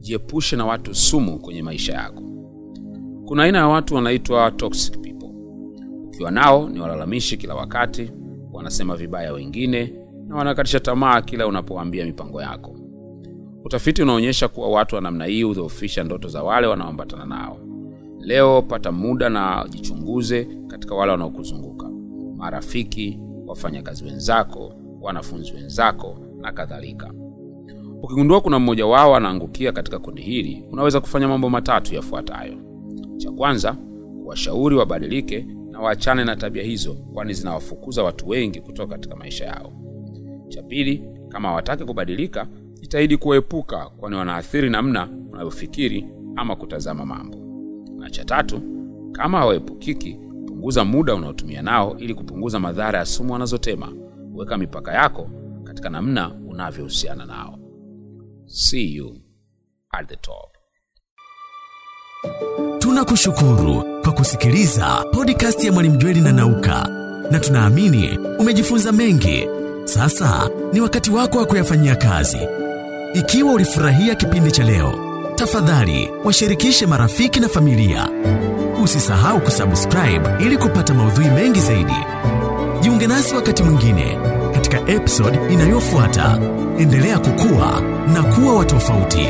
jiepushe na watu sumu kwenye maisha yako kuna aina ya watu wanaitwa toxic people ukiwa nao ni walalamishi kila wakati wanasema vibaya wengine na wanakatisha tamaa kila unapoambia mipango yako utafiti unaonyesha kuwa watu wa namna hii hudhoofisha ndoto za wale wanaoambatana nao leo pata muda na jichunguze katika wale wanaokuzunguka marafiki wafanyakazi wenzako wanafunzi wenzako na kadhalika ukigundua kuna mmoja wao anaangukia katika kundi hili unaweza kufanya mambo matatu yafuatayo cha kwanza kuwashauri wabadilike na waachane na tabia hizo kwani zinawafukuza watu wengi kutoka katika maisha yao cha pili kama hawataki kubadilika jitahidi kuwaepuka kwani wanaathiri namna unavyofikiri ama kutazama mambo na cha tatu kama hawaepukiki punguza muda unaotumia nao ili kupunguza madhara ya sumu wanazotema weka mipaka yako katika namna unavyohusiana nao See you at the top. Tunakushukuru kwa kusikiliza podcast ya Mwalimu Jweli na Nauka na tunaamini umejifunza mengi. Sasa ni wakati wako wa kuyafanyia kazi. Ikiwa ulifurahia kipindi cha leo, tafadhali washirikishe marafiki na familia. Usisahau kusubscribe ili kupata maudhui mengi zaidi. Jiunge nasi wakati mwingine katika episodi inayofuata. Endelea kukua na kuwa wa tofauti.